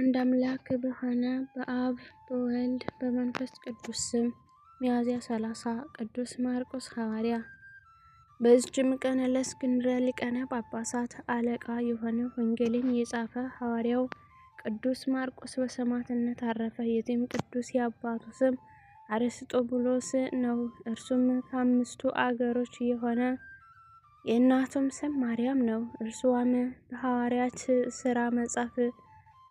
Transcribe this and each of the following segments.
አንድ አምላክ በሆነ በአብ በወልድ በመንፈስ ቅዱስ ስም ሚያዝያ ሰላሳ ቅዱስ ማርቆስ ሐዋርያ። በዚችም ቀን ለእስክንድርያ ሊቃነ ጳጳሳት አለቃ የሆነ ወንጌልን የጻፈ ሐዋርያው ቅዱስ ማርቆስ በሰማዕትነት አረፈ። የዚህም ቅዱስ የአባቱ ስም አርስጦቡሎስ ነው። እርሱም ከአምስቱ አገሮች የሆነ የእናቱም ስም ማርያም ነው። እርሷም በሐዋርያት ሥራ መጽሐፍ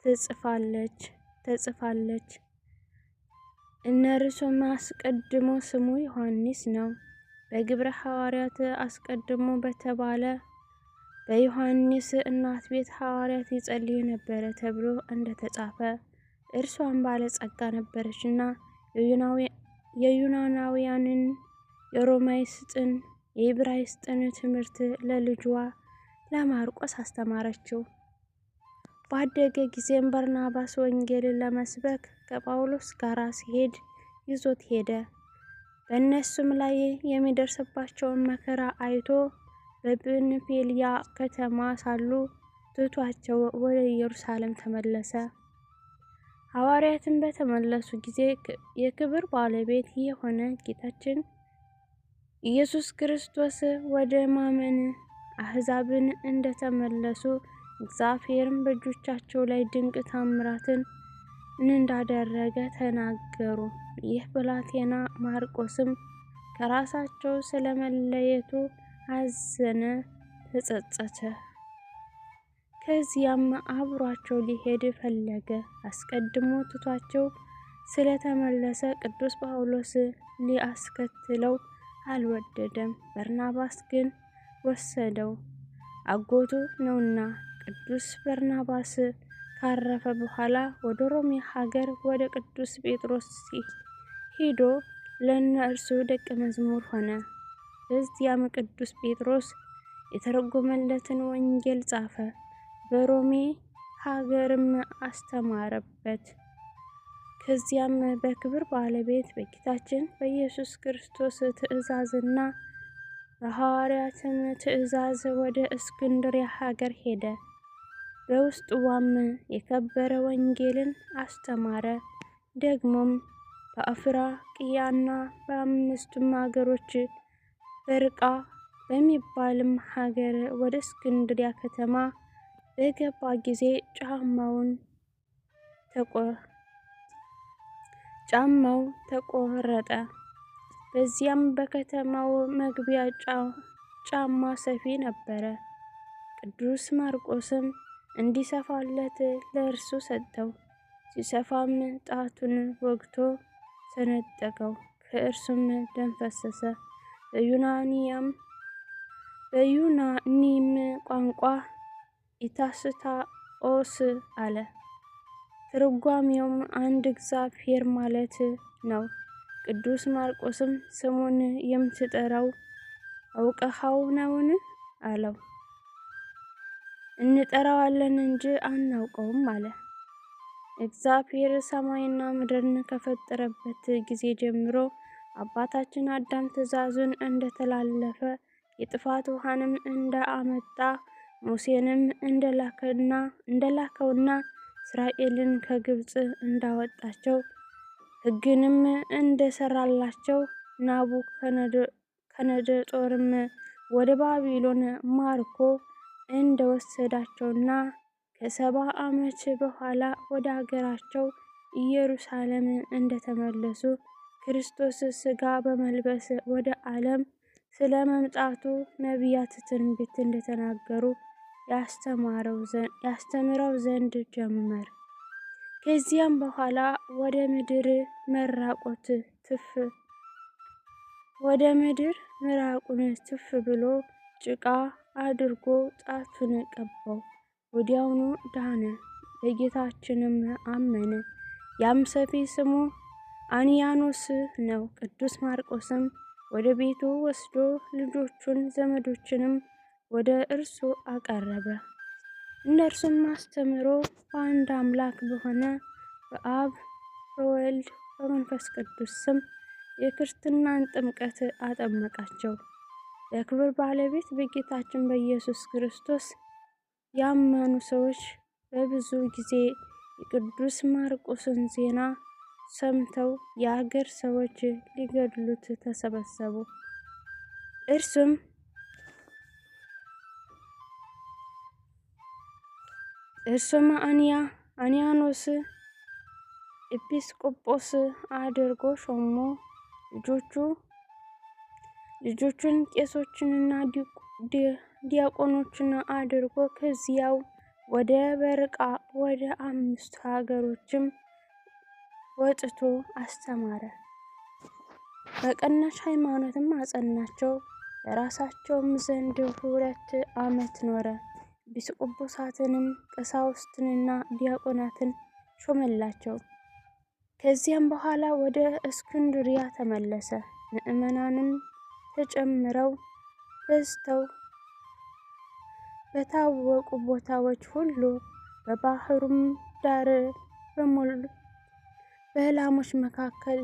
ትጽፋለች ተጽፋለች። እነርሱም አስቀድሞ ስሙ ዮሐንስ ነው። በግብረ ሐዋርያት አስቀድሞ በተባለ በዮሐንስ እናት ቤት ሐዋርያት ይጸልዩ ነበረ ተብሎ እንደተጻፈ እርሷን ባለጸጋ ነበረችና የዩናናውያንን የሮማይስጥን የኢብራይስጥን ትምህርት ለልጇ ለማርቆስ አስተማረችው። ባደገ ጊዜም በርናባስ ወንጌልን ለመስበክ ከጳውሎስ ጋር ሲሄድ ይዞት ሄደ። በእነሱም ላይ የሚደርስባቸውን መከራ አይቶ በጵንፍልያ ከተማ ሳሉ ትቷቸው ወደ ኢየሩሳሌም ተመለሰ። ሐዋርያትን በተመለሱ ጊዜ የክብር ባለቤት የሆነ ጌታችን ኢየሱስ ክርስቶስ ወደ ማመን አሕዛብን እንደተመለሱ እግዚአብሔርም በእጆቻቸው ላይ ድንቅ ታምራትን እንዳደረገ ተናገሩ። ይህ ብላቴና ማርቆስም ከራሳቸው ስለመለየቱ አዘነ፣ ተጸጸተ። ከዚያም አብሯቸው ሊሄድ ፈለገ። አስቀድሞ ትቷቸው ስለተመለሰ ቅዱስ ጳውሎስ ሊያስከትለው አልወደደም። በርናባስ ግን ወሰደው፣ አጎቱ ነውና። ቅዱስ በርናባስ ካረፈ በኋላ ወደ ሮሜ ሀገር ወደ ቅዱስ ጴጥሮስ ሄዶ ለእነርሱ ደቀ መዝሙር ሆነ። በዚያም ቅዱስ ጴጥሮስ የተረጎመለትን ወንጌል ጻፈ፣ በሮሜ ሀገርም አስተማረበት። ከዚያም በክብር ባለቤት በጌታችን በኢየሱስ ክርስቶስ ትእዛዝና በሐዋርያትም ትእዛዝ ወደ እስክንድርያ ሀገር ሄደ። ዋም የከበረ ወንጌልን አስተማረ። ደግሞም በአፍራቅያና በአምስቱም ሀገሮች በርቃ በሚባልም ሀገር ወደ እስክንድሪያ ከተማ በገባ ጊዜ ጫማውን ጫማው ተቆረጠ። በዚያም በከተማው መግቢያ ጫማ ሰፊ ነበረ። ቅዱስ ማርቆስም እንዲሰፋለት ለእርሱ ሰጠው። ሲሰፋም ጣቱን ወግቶ ሰነጠቀው፣ ከእርሱም ደም ፈሰሰ። በዩናኒያም በዩናኒም ቋንቋ ኢታስታኦስ አለ። ትርጓሜውም አንድ እግዚአብሔር ማለት ነው። ቅዱስ ማርቆስም ስሙን የምትጠራው አውቀሃው ነውን? አለው። እንጠራዋለን እንጂ አናውቀውም አለ። እግዚአብሔር ሰማይና ምድርን ከፈጠረበት ጊዜ ጀምሮ አባታችን አዳም ትእዛዙን እንደተላለፈ የጥፋት ውሃንም እንዳመጣ ሙሴንም እንደላከና እንደላከውና እስራኤልን ከግብፅ እንዳወጣቸው ሕግንም እንደሰራላቸው ናቡከደነጾርም ወደ ባቢሎን ማርኮ እንደወሰዳቸውና ከሰባ ዓመት በኋላ ወደ አገራቸው ኢየሩሳሌም እንደተመለሱ ክርስቶስ ሥጋ በመልበስ ወደ ዓለም ስለ መምጣቱ ነቢያት ትንቢት እንደተናገሩ ያስተምረው ዘንድ ጀመር። ከዚያም በኋላ ወደ ምድር መራቆት ትፍ ወደ ምድር ምራቁን ትፍ ብሎ ጭቃ አድርጎ ጣቱን ቀባው። ወዲያውኑ ዳነ፣ በጌታችንም አመነ። ያም ሰፊ ስሙ አንያኖስ ነው። ቅዱስ ማርቆስም ወደ ቤቱ ወስዶ ልጆቹን ዘመዶችንም ወደ እርሱ አቀረበ። እነርሱም አስተምሮ በአንድ አምላክ በሆነ በአብ በወልድ በመንፈስ ቅዱስ ስም የክርስትናን ጥምቀት አጠመቃቸው። በክብር ባለቤት በጌታችን በኢየሱስ ክርስቶስ ያመኑ ሰዎች በብዙ ጊዜ የቅዱስ ማርቆስን ዜና ሰምተው የአገር ሰዎች ሊገድሉት ተሰበሰቡ። እርሱም እርሱም አንያ አንያኖስ ኤጲስቆጶስ አድርጎ ሾሞ ልጆቹ ልጆቹን ቄሶችንና ዲያቆኖችን አድርጎ ከዚያው ወደ በርቃ ወደ አምስቱ ሀገሮችም ወጥቶ አስተማረ። በቀናች ሃይማኖትም አጸናቸው። በራሳቸውም ዘንድ ሁለት ዓመት ኖረ። ቢስቁቦሳትንም፣ ቀሳውስትንና ዲያቆናትን ሾመላቸው። ከዚያም በኋላ ወደ እስክንድሪያ ተመለሰ። ምእመናንም ተጨምረው በዝተው በታወቁ ቦታዎች ሁሉ በባህሩም ዳር በሞሉ በላሞች መካከል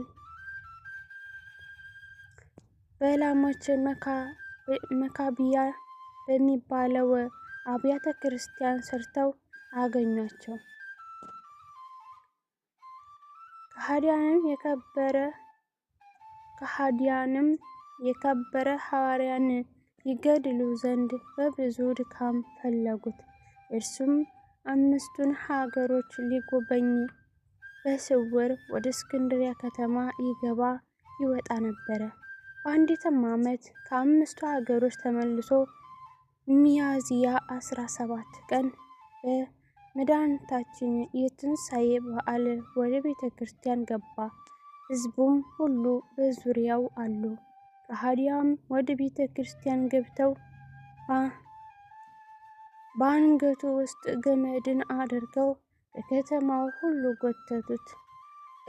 በላሞች መካቢያ በሚባለው አብያተ ክርስቲያን ሰርተው አገኟቸው። ከሃዲያንም የከበረ ከሃዲያንም የከበረ ሐዋርያን ይገድሉ ዘንድ በብዙ ድካም ፈለጉት። እርሱም አምስቱን ሀገሮች ሊጎበኝ በስውር ወደ እስክንድሪያ ከተማ ይገባ ይወጣ ነበረ። በአንዲትም ዓመት ከአምስቱ ሀገሮች ተመልሶ ሚያዝያ አስራ ሰባት ቀን በመድኃኒታችን የትንሣኤ በዓል ወደ ቤተ ክርስቲያን ገባ። ሕዝቡም ሁሉ በዙሪያው አሉ። ከሃዲያም ወደ ቤተ ክርስቲያን ገብተው በአንገቱ ውስጥ ገመድን አድርገው በከተማው ሁሉ ጎተቱት።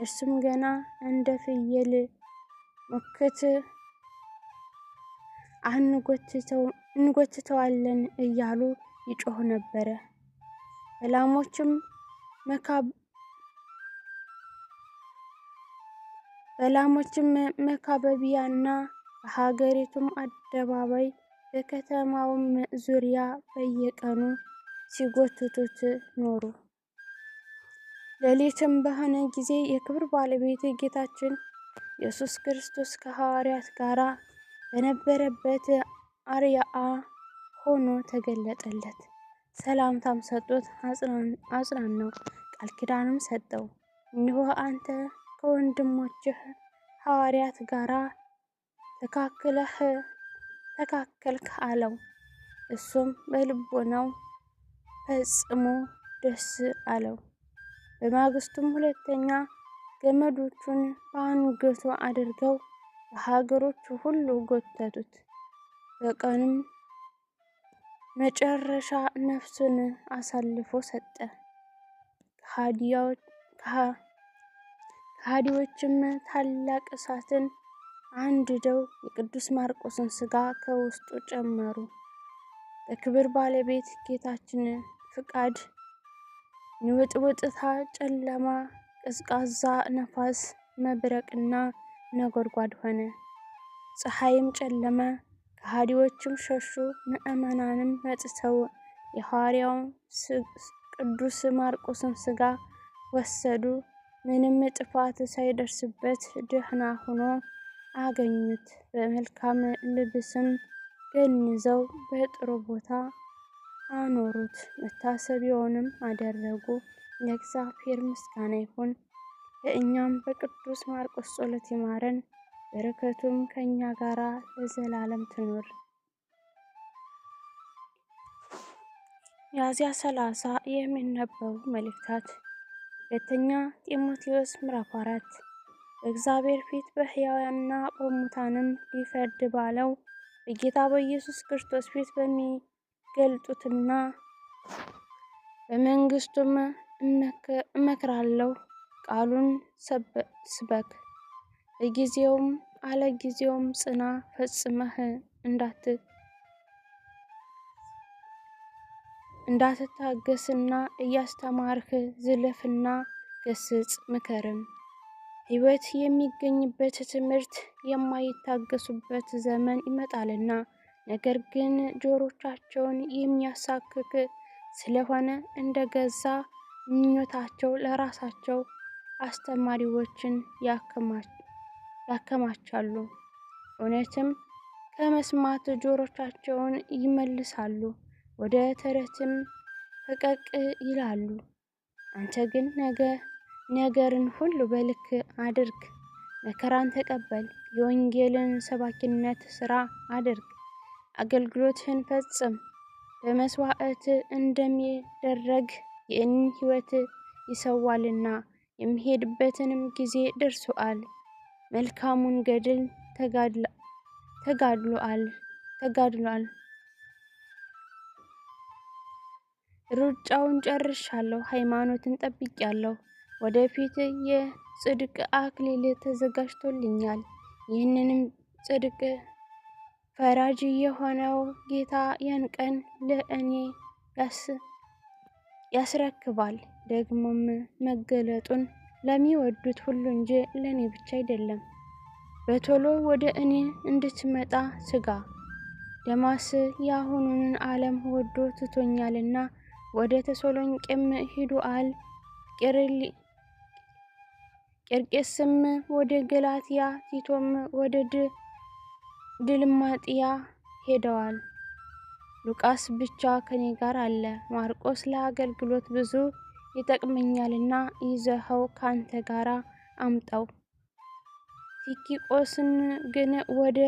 እርሱም ገና እንደ ፍየል ሞከት እንጎትተዋለን እያሉ ይጮህ ነበረ። በላሞችም መካበቢያና በሀገሪቱም አደባባይ በከተማውም ዙሪያ በየቀኑ ሲጎትቱት ኖሩ። ሌሊትም በሆነ ጊዜ የክብር ባለቤት ጌታችን ኢየሱስ ክርስቶስ ከሐዋርያት ጋር በነበረበት አርያአ ሆኖ ተገለጠለት። ሰላምታም ሰጡት፣ ነው ቃል ኪዳንም ሰጠው። እንሆ አንተ ከወንድሞችህ ሐዋርያት ጋር ተካክለህ ተካከልክ አለው። እሱም በልቦናው ፈጽሞ ደስ አለው። በማግስቱም ሁለተኛ ገመዶቹን በአንገቱ አድርገው በሀገሮች ሁሉ ጎተቱት። በቀንም መጨረሻ ነፍሱን አሳልፎ ሰጠ። ከሃዲዎችም ታላቅ እሳትን አንድደው የቅዱስ ማርቆስን ሥጋ ከውስጡ ጨመሩ። በክብር ባለቤት ጌታችን ፍቃድ ንውጥውጥታ፣ ጨለማ፣ ቀዝቃዛ ነፋስ፣ መብረቅና ነጎድጓድ ሆነ። ፀሐይም ጨለመ፣ ከሃዲዎችም ሸሹ። ምዕመናንም መጥተው የሐዋርያውን ቅዱስ ማርቆስን ሥጋ ወሰዱ። ምንም ጥፋት ሳይደርስበት ደህና ሆኖ አገኙት። በመልካም ልብስም ገንዘው በጥሩ ቦታ አኖሩት። መታሰቢያውንም አደረጉ። ለእግዚአብሔር ምስጋና ይሁን። ለእኛም በቅዱስ ማርቆስ ጸሎት ይማረን፣ በረከቱም ከእኛ ጋር ለዘላለም ትኑር። ሚያዝያ ሰላሳ የሚነበቡ መልእክታት። ሁለተኛ ጢሞቴዎስ ምዕራፍ አራት በእግዚአብሔር ፊት በሕያዋንና በሙታንም ሊፈርድ ባለው በጌታ በኢየሱስ ክርስቶስ ፊት በሚገልጡትና በመንግስቱም እመክራለሁ። ቃሉን ስበክ፣ በጊዜውም አለ ጊዜውም ጽና፣ ፈጽመህ እንዳት እንዳትታገስና እያስተማርህ ዝለፍና ገስጽ ምከርም ህይወት የሚገኝበት ትምህርት የማይታገሱበት ዘመን ይመጣልና ነገር ግን ጆሮቻቸውን የሚያሳክክ ስለሆነ እንደ ገዛ ምኞታቸው ለራሳቸው አስተማሪዎችን ያከማቻሉ፣ እውነትም ከመስማት ጆሮቻቸውን ይመልሳሉ፣ ወደ ተረትም ፈቀቅ ይላሉ። አንተ ግን ነገ ነገርን ሁሉ በልክ አድርግ፣ መከራን ተቀበል፣ የወንጌልን ሰባኪነት ሥራ አድርግ፣ አገልግሎትህን ፈጽም። በመስዋዕት እንደሚደረግ የእኔን ሕይወት ይሰዋልና የሚሄድበትንም ጊዜ ደርሶአል። መልካሙን ገድል ተጋድሏል ተጋድሏል ሩጫውን ጨርሻለሁ፣ ሃይማኖትን ጠብቄአለሁ። ወደፊት የጽድቅ አክሊል ተዘጋጅቶልኛል። ይህንንም ጽድቅ ፈራጅ የሆነው ጌታ ያን ቀን ለእኔ ያስረክባል። ደግሞም መገለጡን ለሚወዱት ሁሉ እንጂ ለእኔ ብቻ አይደለም። በቶሎ ወደ እኔ እንድትመጣ ስጋ ደማስ የአሁኑን ዓለም ወዶ ትቶኛልና ወደ ተሰሎንቄም ሂዱአል ቄርሊ ቄርቄስም ወደ ገላትያ፣ ቲቶም ወደ ድልማጥያ ሄደዋል። ሉቃስ ብቻ ከኔ ጋር አለ። ማርቆስ ለአገልግሎት ብዙ ይጠቅመኛልና ይዘኸው ካንተ ጋር አምጣው። ቲኪቆስን ግን ወደ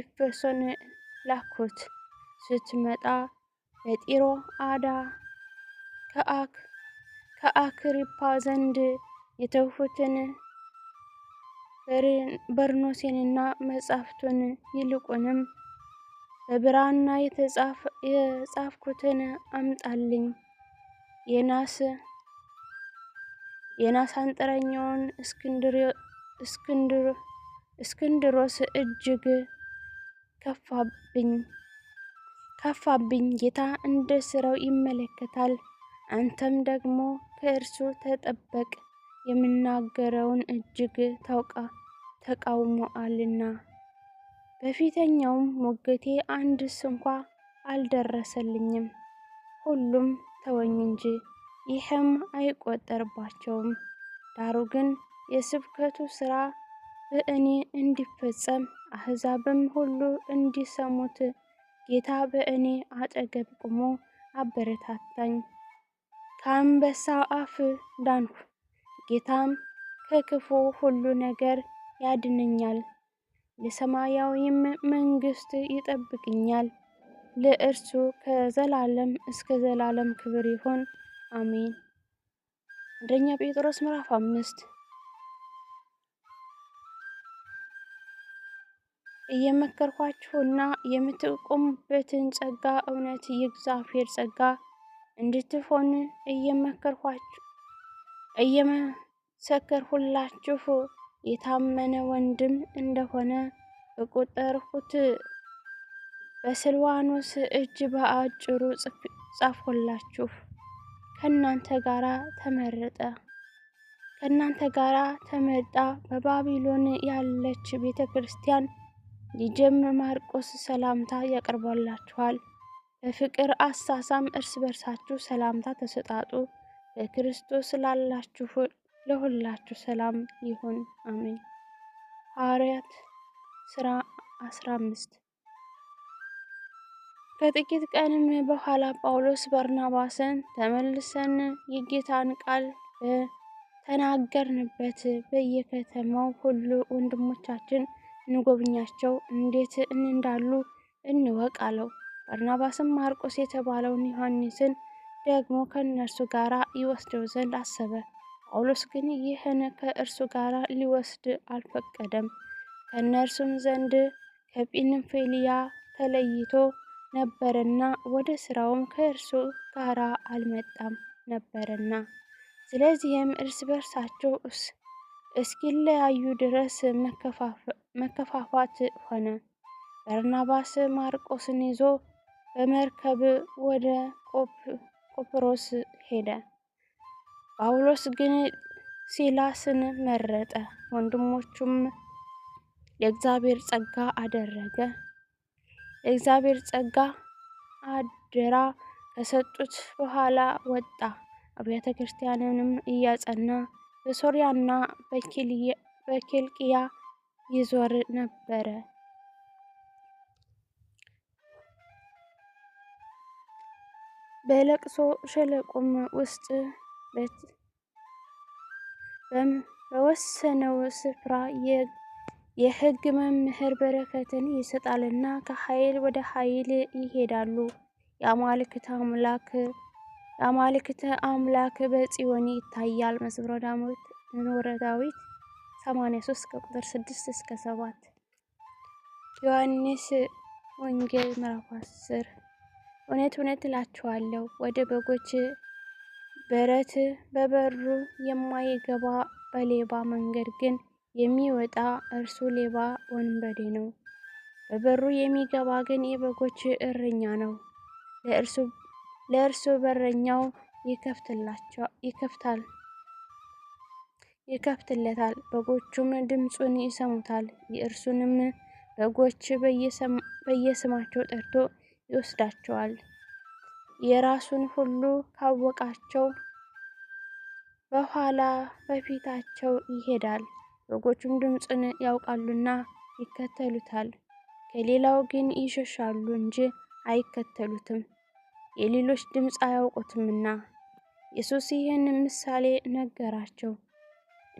ኤፌሶን ላኩት። ስትመጣ በጢሮ አዳ ከአክሪፓ ዘንድ የተውሁትን በርኖሴንና መጻሕፍቱን ይልቁንም በብራና የጻፍኩትን አምጣልኝ የናስ አንጥረኛውን እስክንድሮስ እጅግ ከፋብኝ። ጌታ እንደ ስራው ይመለከታል። አንተም ደግሞ ከእርሱ ተጠበቅ፣ የምናገረውን እጅግ ታውቃ ተቃውሞአልና በፊተኛውም ሞገቴ አንድስ እንኳ አልደረሰልኝም። ሁሉም ተወኝ እንጂ ይህም አይቆጠርባቸውም። ዳሩ ግን የስብከቱ ሥራ በእኔ እንዲፈጸም አሕዛብም ሁሉ እንዲሰሙት ጌታ በእኔ አጠገብ ቆሞ አበረታታኝ። ከአንበሳ አፍ ዳንሁ። ጌታም ከክፉ ሁሉ ነገር ያድነኛል፣ ለሰማያዊ መንግስት ይጠብቅኛል ለእርሱ ከዘላለም እስከ ዘላለም ክብር ይሁን፣ አሜን። አንደኛ ጴጥሮስ ምዕራፍ አምስት እየመከርኳችሁና የምትቆሙበትን ጸጋ እውነት የእግዚአብሔር ጸጋ እንድትሆን እየመሰከርሁላችሁ የታመነ ወንድም እንደሆነ በቆጠርሁት በስልዋኖስ እጅ በአጭሩ ጻፎላችሁ! ከእናንተ ጋራ ተመረጠ ከእናንተ ጋራ ተመርጣ በባቢሎን ያለች ቤተ ክርስቲያን ሊጀም ማርቆስ ሰላምታ ያቀርባላችኋል። በፍቅር አሳሳም እርስ በርሳችሁ ሰላምታ ተሰጣጡ። በክርስቶስ ላላችሁ ለሁላችሁ ሰላም ይሁን አሜን። ሐዋርያት ሥራ 15 ከጥቂት ቀንም በኋላ ጳውሎስ በርናባስን ተመልሰን የጌታን ቃል በተናገርንበት በየከተማው ሁሉ ወንድሞቻችን እንጎብኛቸው እንዴት እንዳሉ እንወቅ አለው። በርናባስም ማርቆስ የተባለውን ዮሐንስን ደግሞ ከእነርሱ ጋር ይወስደው ዘንድ አሰበ። ጳውሎስ ግን ይህን ከእርሱ ጋር ሊወስድ አልፈቀደም። ከእነርሱም ዘንድ ከጲንፍልያ ተለይቶ ነበርና ወደ ስራውም ከእርሱ ጋር አልመጣም ነበርና። ስለዚህም እርስ በርሳቸው እስኪለያዩ ድረስ መከፋፋት ሆነ። በርናባስ ማርቆስን ይዞ በመርከብ ወደ ቆጵሮስ ሄደ። ጳውሎስ ግን ሲላስን መረጠ፣ ወንድሞቹም የእግዚአብሔር ጸጋ አደረገ የእግዚአብሔር ጸጋ አደራ ከሰጡት በኋላ ወጣ። አብያተ ክርስቲያንንም እያጸና በሶሪያና በኪልቅያ ይዞር ነበረ። በለቅሶ ሸለቆም ውስጥ በወሰነው ስፍራ የሕግ መምህር በረከትን ይሰጣልና ከኃይል ወደ ኃይል ይሄዳሉ። የአማልክት አምላክ በጽዮን ይታያል። መዝሙረ ዳዊት መዝሙረ ዳዊት 83 ከቁጥር 6 እስከ 7 ዮሐንስ ወንጌል ምዕራፍ 10 እውነት እውነት እላችኋለሁ ወደ በጎች ብረት በበሩ የማይገባ በሌባ መንገድ ግን የሚወጣ እርሱ ሌባ ወንበዴ ነው። በበሩ የሚገባ ግን የበጎች እረኛ ነው። ለእርሱ በረኛው ይከፍታል ይከፍትለታል፣ በጎቹም ድምፁን ይሰሙታል። የእርሱንም በጎች በየስማቸው ጠርቶ ይወስዳቸዋል። የራሱን ሁሉ ካወቃቸው በኋላ በፊታቸው ይሄዳል። በጎቹም ድምፅን ያውቃሉና ይከተሉታል። ከሌላው ግን ይሸሻሉ እንጂ አይከተሉትም፣ የሌሎች ድምፅ አያውቁትምና። ኢየሱስ ይህን ምሳሌ ነገራቸው።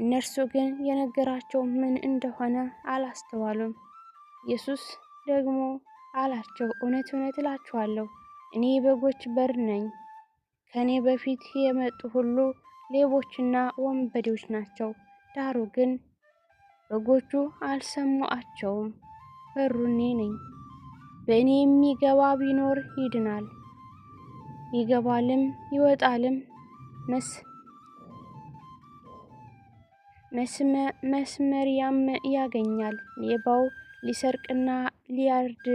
እነርሱ ግን የነገራቸው ምን እንደሆነ አላስተዋሉም። ኢየሱስ ደግሞ አላቸው፣ እውነት እውነት እላችኋለሁ እኔ የበጎች በር ነኝ። ከእኔ በፊት የመጡ ሁሉ ሌቦችና ወንበዴዎች ናቸው። ዳሩ ግን በጎቹ አልሰሙአቸውም። በሩ እኔ ነኝ። በእኔ የሚገባ ቢኖር ይድናል፣ ይገባልም ይወጣልም መስመሪያም ያገኛል። ሌባው ሊሰርቅና ሊያርድ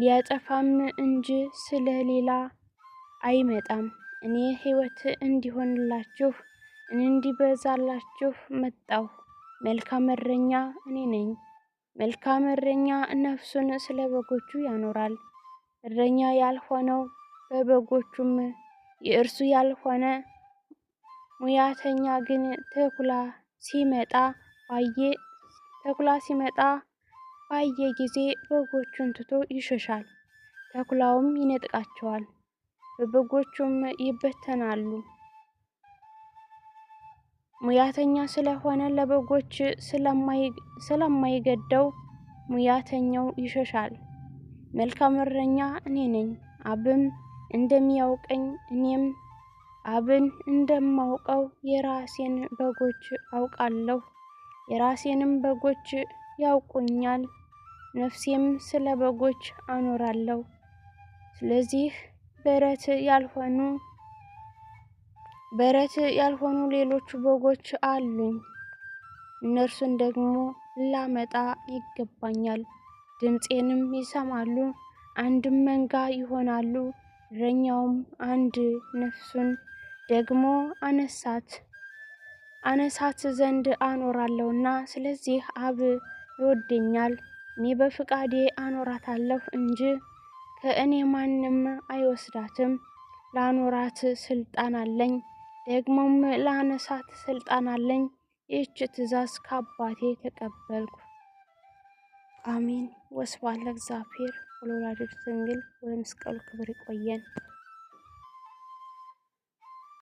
ሊያጠፋም እንጂ ስለ ሌላ አይመጣም። እኔ ሕይወት እንዲሆንላችሁ እንዲበዛላችሁ መጣሁ። መልካም እረኛ እኔ ነኝ። መልካም እረኛ ነፍሱን ስለ በጎቹ ያኖራል። እረኛ ያልሆነው በበጎቹም የእርሱ ያልሆነ ሙያተኛ ግን ተኩላ ሲመጣ ባየ ተኩላ ሲመጣ ባየ ጊዜ በጎቹን ትቶ ይሸሻል፣ ተኩላውም ይነጥቃቸዋል፣ በበጎቹም ይበተናሉ። ሙያተኛ ስለሆነ ለበጎች ስለማይገደው ሙያተኛው ይሸሻል። መልካም እረኛ እኔ ነኝ፣ አብም እንደሚያውቀኝ እኔም አብን እንደማውቀው የራሴን በጎች አውቃለሁ፣ የራሴንም በጎች ያውቁኛል። ነፍሴም ስለ በጎች አኖራለሁ። ስለዚህ በረት ያልሆኑ በረት ያልሆኑ ሌሎች በጎች አሉኝ። እነርሱን ደግሞ ላመጣ ይገባኛል። ድምፄንም ይሰማሉ፣ አንድም መንጋ ይሆናሉ። እረኛውም አንድ ነፍሱን ደግሞ አነሳት አነሳት ዘንድ አኖራለሁና። ስለዚህ አብ ይወደኛል። እኔ በፍቃዴ አኖራታለሁ እንጂ ከእኔ ማንም አይወስዳትም። ላኖራት ስልጣን አለኝ፣ ደግሞም ላነሳት ስልጣን አለኝ። ይህች ትእዛዝ ከአባቴ ተቀበልኩ። አሜን። ወስብሐት ለእግዚአብሔር ወለወላዲቱ ድንግል ወለመስቀሉ ክብር ይቆየን።